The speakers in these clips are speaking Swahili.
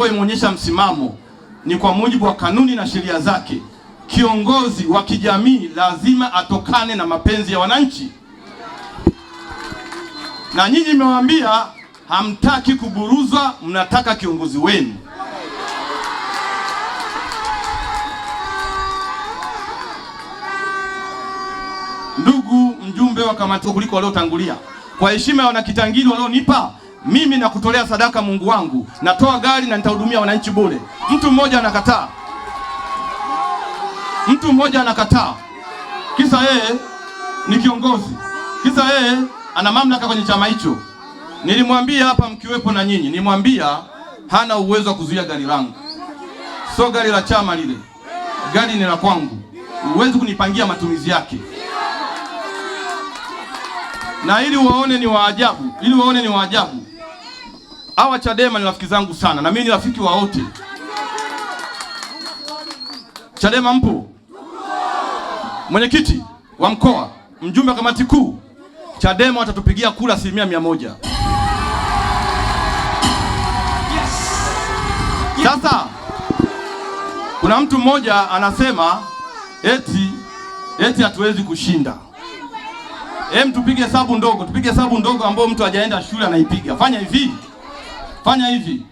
ambayo imeonyesha msimamo ni kwa mujibu wa kanuni na sheria zake. Kiongozi wa kijamii lazima atokane na mapenzi ya wananchi, na nyinyi mmewaambia hamtaki kuburuzwa, mnataka kiongozi wenu. Ndugu mjumbe wa kamati, kuliko waliotangulia, kwa heshima ya wanakitangiri walionipa mimi nakutolea sadaka Mungu wangu, natoa gari na nitahudumia wananchi bure. Mtu mmoja anakataa, mtu mmoja anakataa, kisa yeye ni kiongozi, kisa yeye ana mamlaka kwenye chama hicho. Nilimwambia hapa mkiwepo na nyinyi, nilimwambia hana uwezo wa kuzuia gari langu, sio gari la chama lile, gari ni la kwangu, huwezi kunipangia matumizi yake na ili waone ni waajabu, ili waone ni waajabu, hawa Chadema ni rafiki zangu sana, na mimi ni rafiki wa wote Chadema. Mpo mwenyekiti wa mkoa, mjumbe wa kamati kuu Chadema watatupigia kura asilimia mia moja. Sasa kuna mtu mmoja anasema eti eti hatuwezi kushinda. Hem, tupige hesabu ndogo, tupige hesabu ndogo ambayo mtu hajaenda shule anaipiga. Fanya hivi fanya hivi,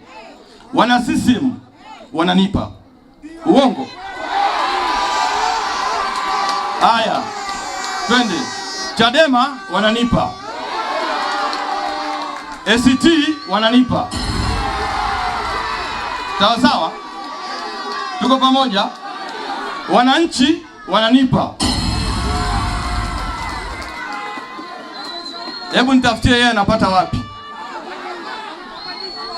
wana CCM wananipa uongo. Haya, twende Chadema wananipa, ACT wananipa, sawa sawa, tuko pamoja. Wananchi wananipa. Hebu nitafutie yeye anapata wapi?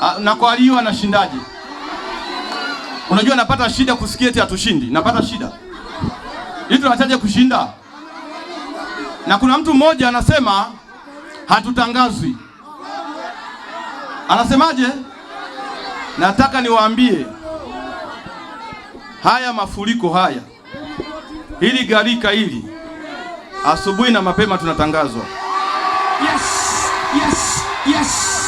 Ah, na kwa aliyo anashindaje? Unajua napata shida kusikia eti hatushindi, napata shida hii, tunataje kushinda? Na kuna mtu mmoja anasema hatutangazwi, anasemaje? Nataka niwaambie haya mafuriko haya, hili gharika hili, asubuhi na mapema tunatangazwa. Yes, yes, yes.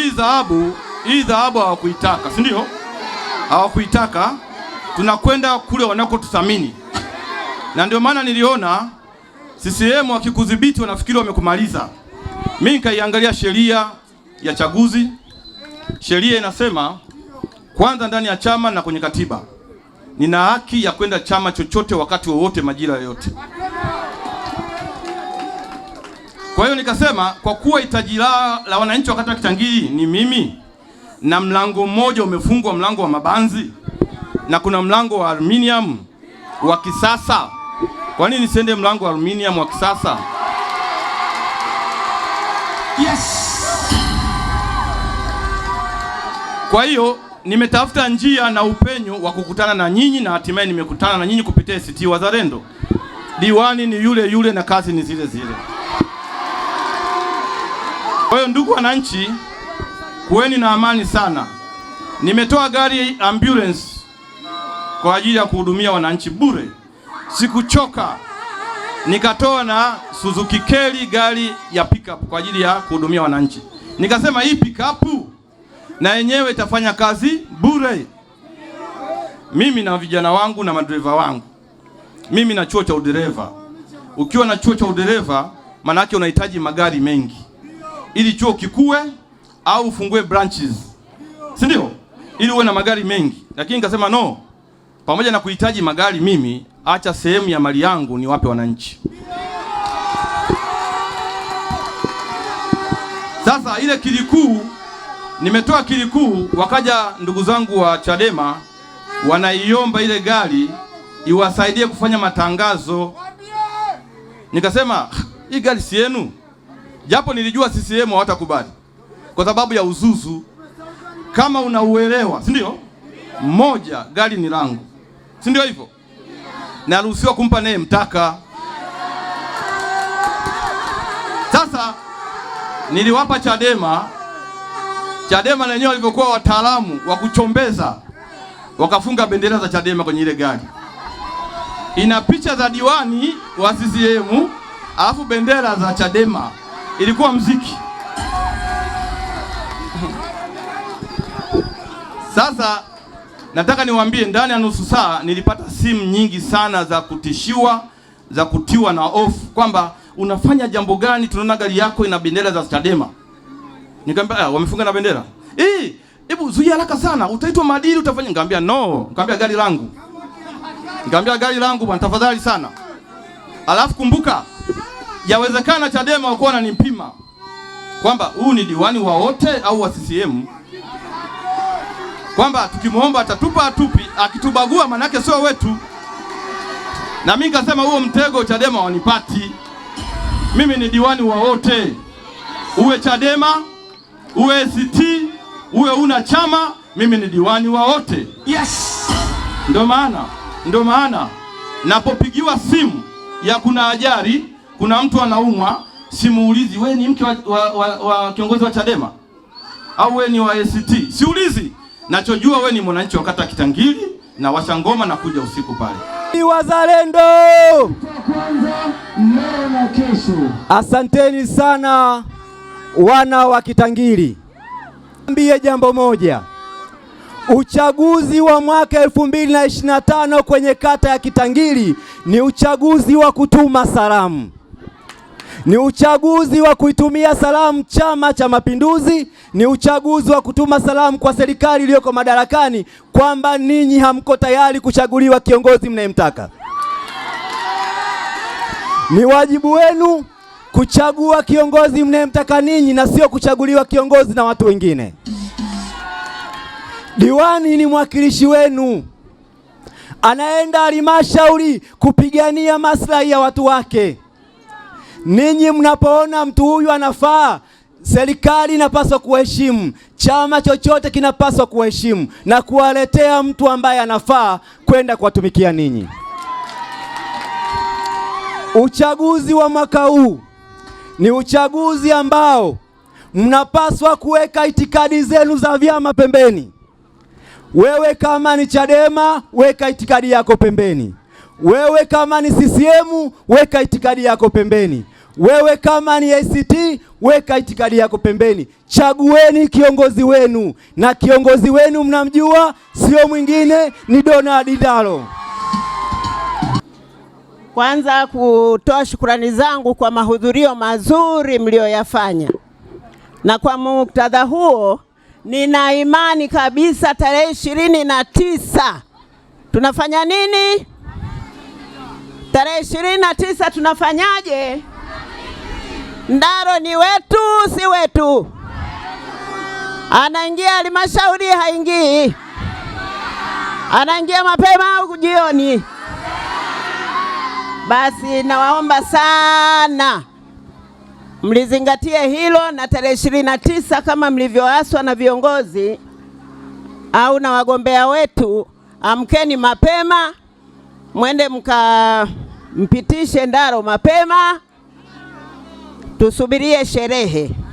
hii dhahabu, hii dhahabu hawakuitaka, si ndio? Hawakuitaka, tunakwenda kule wanakotuthamini, na ndio maana niliona CCM wakikudhibiti wanafikiri wamekumaliza. Mimi nikaiangalia sheria ya chaguzi, sheria inasema kwanza, ndani ya chama na kwenye katiba, nina haki ya kwenda chama chochote wakati wowote, majira yoyote. Kwa hiyo nikasema kwa kuwa hitaji la wananchi wa kata Kitangii ni mimi na mlango mmoja umefungwa, mlango wa mabanzi na kuna mlango wa aluminium wa kisasa. Kwa nini nisiende mlango wa aluminium wa kisasa? Yes. Kwa hiyo nimetafuta njia na upenyo wa kukutana na nyinyi na hatimaye nimekutana na nyinyi kupitia ACT Wazalendo. Diwani ni yule yule na kazi ni zile zile. Kwa hiyo ndugu wananchi, kuweni na amani sana. Nimetoa gari ambulance kwa ajili ya kuhudumia wananchi bure, sikuchoka. Nikatoa na Suzuki Keli gari ya pickup kwa ajili ya kuhudumia wananchi, nikasema hii pickup na yenyewe itafanya kazi bure. Mimi na vijana wangu na madereva wangu, mimi na chuo cha udereva. Ukiwa na chuo cha udereva, maana yake unahitaji magari mengi ili chuo kikue au ufungue branches, si ndio? Ili uwe na magari mengi. Lakini nikasema no, pamoja na kuhitaji magari, mimi acha sehemu ya mali yangu niwape wananchi. Sasa ile kilikuu nimetoa kilikuu, wakaja ndugu zangu wa Chadema wanaiomba ile gari iwasaidie kufanya matangazo. Nikasema hii gari si yenu, japo nilijua CCM hawatakubali kwa sababu ya uzuzu. Kama unauelewa, si ndio? Mmoja, gari ni langu, si ndio hivyo? Naruhusiwa kumpa naye mtaka. Sasa niliwapa Chadema, Chadema na wenyewe walivyokuwa wataalamu wa kuchombeza, wakafunga bendera za Chadema kwenye ile gari, ina picha za diwani wa CCM alafu bendera za Chadema ilikuwa mziki. Sasa nataka niwaambie, ndani ya nusu saa nilipata simu nyingi sana za kutishiwa, za kutiwa na ofu kwamba unafanya jambo gani, tunaona gari yako ina bendera za Chadema. Nikamwambia ah, wamefunga na bendera hii, hebu zuia haraka sana, utaitwa madili utafanya. Nikamwambia no, nikamwambia gari langu, nikamwambia gari langu bwana, tafadhali sana. Alafu kumbuka yawezekana Chadema walikuwa wananimpima kwamba huu ni diwani wa wote au wa CCM, kwamba tukimwomba atatupa atupi, akitubagua manake sio wetu. Na mimi nikasema huo mtego Chadema wanipati mimi, ni diwani wa wote, uwe Chadema uwe ACT uwe una chama, mimi ni diwani wa wote. Yes, ndio maana ndio maana napopigiwa simu ya kuna ajali kuna mtu anaumwa, simuulizi we ni mke wa, wa, wa, wa kiongozi wa Chadema au we ni wa ACT, siulizi. Nachojua we ni mwananchi wa kata Kitangili na washangoma na kuja usiku pale ni wazalendo. Asanteni sana wana wa Kitangili, ambie jambo moja Uchaguzi wa mwaka 2025 kwenye kata ya Kitangili ni uchaguzi wa kutuma salamu. Ni uchaguzi wa kuitumia salamu Chama cha Mapinduzi, ni uchaguzi wa kutuma salamu kwa serikali iliyoko madarakani kwamba ninyi hamko tayari kuchaguliwa kiongozi mnayemtaka. Ni wajibu wenu kuchagua kiongozi mnayemtaka ninyi na sio kuchaguliwa kiongozi na watu wengine. Diwani ni mwakilishi wenu, anaenda halmashauri kupigania maslahi ya watu wake. Ninyi mnapoona mtu huyu anafaa, serikali inapaswa kuheshimu, chama chochote kinapaswa kuheshimu na kuwaletea mtu ambaye anafaa kwenda kuwatumikia ninyi. Uchaguzi wa mwaka huu ni uchaguzi ambao mnapaswa kuweka itikadi zenu za vyama pembeni. Wewe kama ni Chadema, weka itikadi yako pembeni. Wewe kama ni CCM weka itikadi yako pembeni. Wewe kama ni ACT weka itikadi yako pembeni. Chagueni kiongozi wenu, na kiongozi wenu mnamjua, sio mwingine, ni Donald dalo Kwanza kutoa shukurani zangu kwa mahudhurio mazuri mlioyafanya, na kwa muktadha huo, nina imani kabisa tarehe ishirini na tisa tunafanya nini? Tarehe ishirini na tisa tunafanyaje? Ndaro ni wetu, si wetu? Anaingia halmashauri, haingii? Anaingia mapema au jioni? Basi nawaomba sana mlizingatie hilo, na tarehe ishirini na tisa kama mlivyoaswa na viongozi au na wagombea wetu, amkeni mapema mwende mkampitishe Ndaro mapema, tusubirie sherehe.